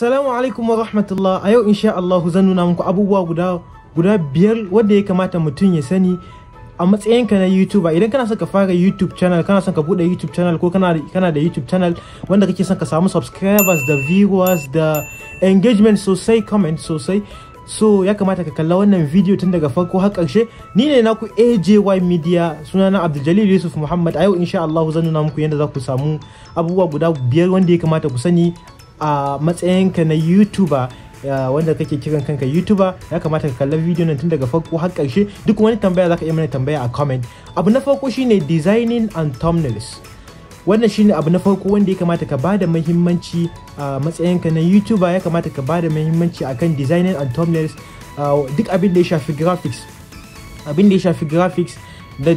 Assalamu alaikum wa rahmatullah a yau insha Allah zan nuna muku abubuwa guda guda biyar wanda ya kamata mutum ya sani a matsayinka na YouTuber idan kana son ka fara YouTube channel kana son ka bude YouTube channel ko kana kana da YouTube channel wanda kake son ka samu subscribers da viewers da engagement sosai comment sosai so ya kamata ka kalla wannan video tun daga farko har karshe ni ne naku AJY Media sunana Abdul Yusuf Muhammad a yau insha Allah zan nuna muku yadda za ku samu abubuwa guda biyar wanda ya kamata ku sani a matsayinka na youtuber Uh, wanda kake kiran kanka youtuber ya kamata ka kalla video nan tun daga farko har karshe duk wani tambaya zaka iya mana tambaya a comment abu na farko shine designing and thumbnails wannan shine abu na farko wanda ya kamata ka bada muhimmanci a matsayinka na youtuber ya kamata ka bada muhimmanci akan designing and thumbnails uh, duk abin da ya shafi graphics abin da ya shafi graphics Eh,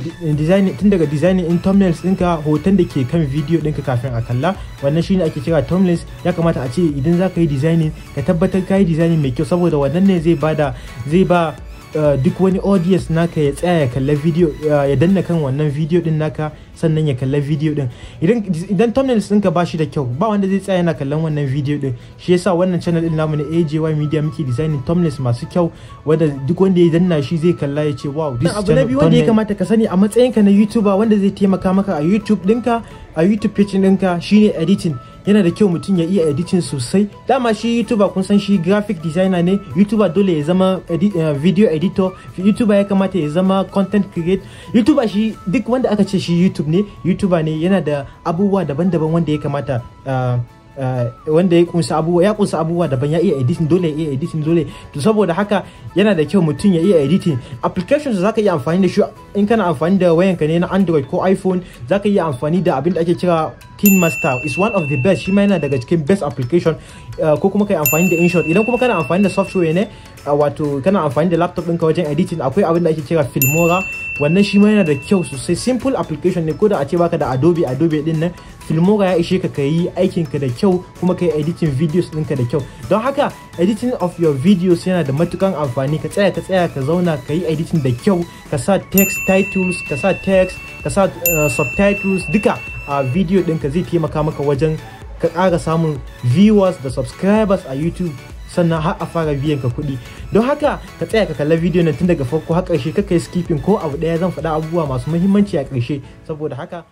tun daga designing in thumbnails ɗinka hoton da ke kan video ɗinka kafin a kalla wannan shine ake kira thumbnails ya kamata a ce idan za ka yi designing ka tabbatar ka yi designing mai kyau saboda wannan ne zai bada zai ba Eh, duk wani audience naka ya tsaya ya kalla video eh, ya danna kan wannan video din naka sannan ya kalla video din idan idan thumbnails ɗinka ba shi da kyau ba wanda zai tsaya yana kallon wannan video din shi yasa wannan channel din namu na AJY Media muke designing thumbnails masu kyau wanda duk wanda ya danna shi zai kalla ya ce wow this channel abu na biyu wanda ya kamata ka sani a matsayinka na YouTuber wanda zai taimaka maka a YouTube ɗinka a YouTube page ɗinka shine editing yana da kyau mutum ya iya editin sosai dama shi youtuber kun san shi graphic designer ne youtuber dole ya zama eh, video editor youtuber ya kamata ya zama content create youtuber shi duk wanda aka ce shi youtube ne youtuber ne yana da abubuwa daban-daban wanda ya kamata ah, Eh, wanda ya kunsa abubuwa ya kunsa abubuwa daban ya iya editing dole ya iya editing dole to saboda haka yana da kyau mutum ya iya editing applications zaka iya amfani da shi in kana amfani da wayanka ne na Android ko iPhone zaka iya amfani da abin da ake kira master is one of the best shi ma yana daga cikin best application eh, ko kuma kai amfani da InShot idan kuma kana amfani da software ne eh, wato kana amfani da laptop ɗinka wajen editing akwai abin da ake kira Filmora wannan shi ma yana da kyau sosai simple application ne ko da a ce baka da Adobe Adobe din nan filmora ya ishe ka ka yi aikinka da kyau kuma ka yi editing videos ɗinka da kyau don haka editing of your videos yana da matukan amfani ka tsaya ka tsaya ka zauna ka yi editing da kyau ka sa text titles ka sa text ka sa eh, subtitles duka a video ɗinka zai taimaka maka wajen ka ƙara samun viewers da subscribers a youtube sannan har a fara biyan ka kuɗi don haka ka tsaya ka kalla video nan tun daga farko har ƙarshe ka kai skipping ko abu ɗaya zan faɗa abubuwa masu muhimmanci a ƙarshe saboda haka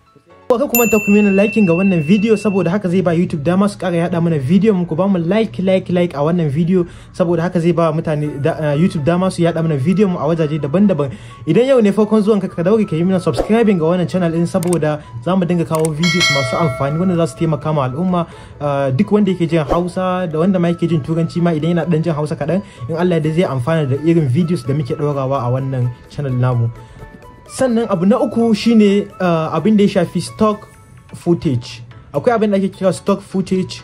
ko ka kuma ta ku mana likin ga wannan video saboda haka zai ba YouTube dama su kara yada mana video mu ku ba mu like like like a wannan video saboda haka zai ba mutane YouTube dama su yada mana video mu a wajaje daban-daban idan yau ne farkon zuwan ka ka dauke ka yi mana subscribing ga wannan channel din saboda za mu dinga kawo videos masu amfani wanda za su taimaka ma al'umma duk wanda yake jin Hausa da wanda ma yake jin Turanci ma idan yana dan jin Hausa kadan in Allah da zai amfana da irin videos da muke daurawa a wannan channel namu sannan abu na uku shine uh, abin da ya shafi stock footage akwai abin da ake kira stock footage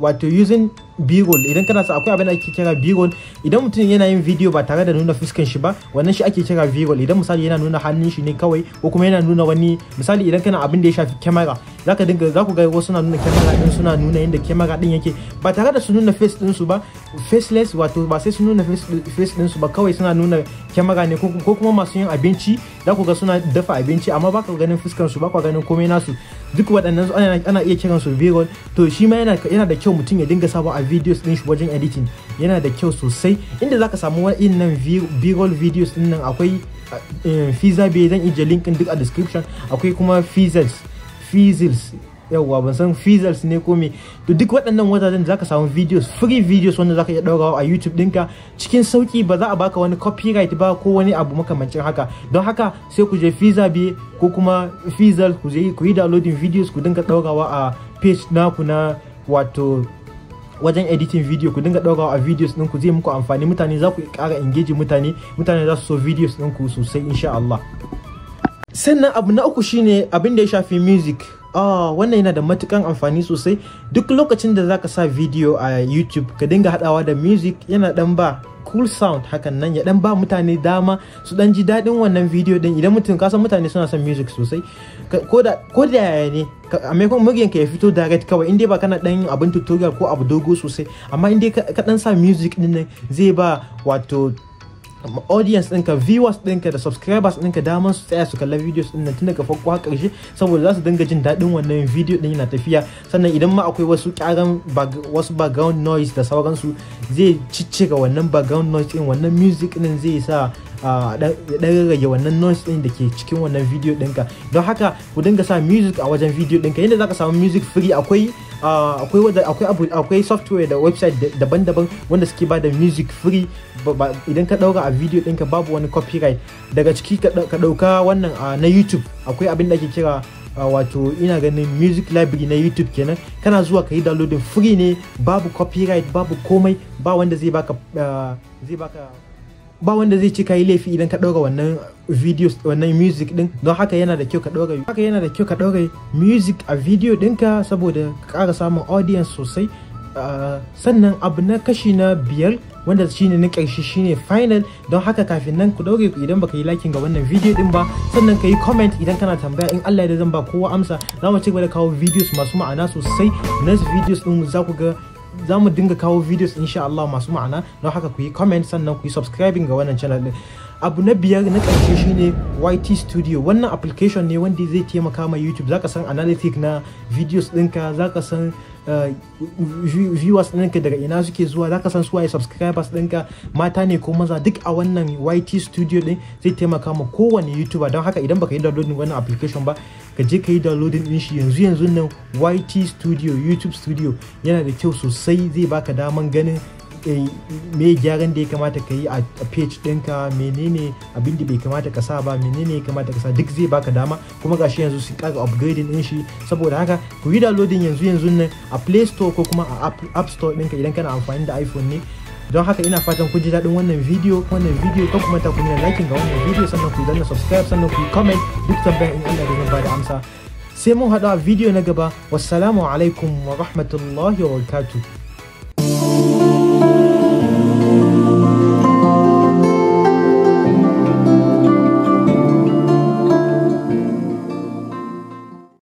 wato using b-roll idan kana sa akwai abin da ake kira b-roll idan mutum yana yin video ba tare da nuna fuskan shi ba wannan shi ake kira b-roll idan misali yana nuna hannun shi ne kawai ko kuma yana nuna wani misali idan kana abin da ya shafi kyamara zaka dinga za ku ga wasu suna nuna kyamara din suna nuna yadda kyamara din yake ba tare da su nuna face din su ba faceless wato ba sai su nuna face din su ba kawai suna nuna kyamara ne ko kuma masu yin abinci za ku ga suna dafa abinci amma ba ka ganin fuskan su ba ka ganin komai nasu duk waɗannan ana iya kiransu b-roll to shi ma yana da kyau mutum ya dinga sabon videos din shi wajen editing yana da kyau sosai inda zaka samu wa'innan b-roll videos din nan akwai eh, eh, fiza bai zan ije linkin duk a description akwai kuma fizzles fizzles yawwa ban san fizzles ne ko me to duk waɗannan wajajen zaka samu videos free videos wanda zaka iya ɗaurawa a YouTube ɗinka cikin sauki ba za a baka wani copyright ba ko wani abu makamancin haka don haka sai ku je Fiza biye ko kuma Fizzles ku je ku yi downloading videos ku dinga ɗaurawa a page naku na wato wajen editing video ku dinga ɗaurawa a videos ɗinku zai muku amfani mutane za ku ƙara engage mutane mutane za su so videos ɗinku sosai insha Allah sannan abu na uku shine abin da ya shafi music Oh, wannan yana da matukan amfani sosai duk lokacin da zaka sa video a YouTube ka dinga hadawa da music yana dan ba cool sound hakan nan ya dan ba mutane dama su dan ji dadin wannan video din idan mutum ka san mutane suna son music sosai ko da yaya ne a maimakon ka ya fito direct kawai inda ba kana dan abin tutorial ko abu dogo sosai amma inda ka dan sa music din nan zai ba wato amma audience ɗinka viewers ɗinka da subscribers ɗinka daman su tsaya su kalla videos ɗin nan tun daga farko har ƙarshe saboda za su dinga jin daɗin wannan video ɗin yana tafiya sannan idan ma akwai wasu ƙyaran wasu background noise da sauransu zai ciccika wannan background noise ɗin wannan music ɗin zai sa ɗan ah, rage wannan noise ɗin da ke cikin wannan video dinka don haka ku dinga sa music a wajen video dinka yadda za ka samu music free akwai ah, akwai wanda akwai akwai software da website daban-daban wanda suke ba da music free idan ka ɗaura a video ɗinka babu wani copyright daga ciki ka ɗauka wannan ah, na youtube akwai abin da ake kira a wato ina ganin music library na youtube kenan kana zuwa ka yi downloading free ne babu copyright babu komai ba wanda zai baka zai baka ba wanda zai ce kai laifi idan ka ɗaura wannan videos wannan music din don haka yana da kyau ka ɗaura haka yana da kyau ka music a video ɗinka saboda ka ƙara samun audience sosai ah, sannan abu na kashi na biyar wanda shine na ƙarshe shine final don haka kafin nan ku ku idan baka yi liking ga wannan video din ba sannan ka yi comment idan kana tambaya in Allah ya zan ba kowa amsa za mu ci gaba da kawo videos masu ma'ana sosai next videos din za ku ga za mu dinga kawo videos insha Allah masu ma'ana don haka ku yi comment sannan ku yi subscribing ga wannan channel din abu na biyar na ƙarshe shine YT Studio wannan application ne wanda zai taimaka ma YouTube zaka san analytic na videos ɗinka zaka san eh, viewers ɗinka daga ina suke zuwa zaka san suwaye subscribers ɗinka mata ne ko maza duk a wannan YT Studio ɗin zai taimaka ma kowane YouTuber don haka idan baka yi downloading wannan application ba ka je ka yi downloading din shi yanzu yanzu nan YT Studio YouTube Studio yana da kyau sosai zai baka daman ganin eh, me gyaran da ya kamata ka yi a page ɗinka menene abin da bai kamata ka sa ba menene ya kamata ka sa duk zai baka dama kuma gashi yanzu sun kaga upgrading din shi saboda haka ku yi downloading yanzu yanzu nan a Play Store ko kuma a App Store ɗinka idan kana amfani da iPhone ne don haka ina fatan kun ji daɗin wannan bidiyo wannan bidiyo ko kuma ta kuma likin ga wannan bidiyo sannan ku danna subscribe sannan ku comment duk tambaya in Allah da bada bada amsa sai mun haɗu a bidiyo na gaba wassalamu alaikum wa rahmatullahi wa barakatuh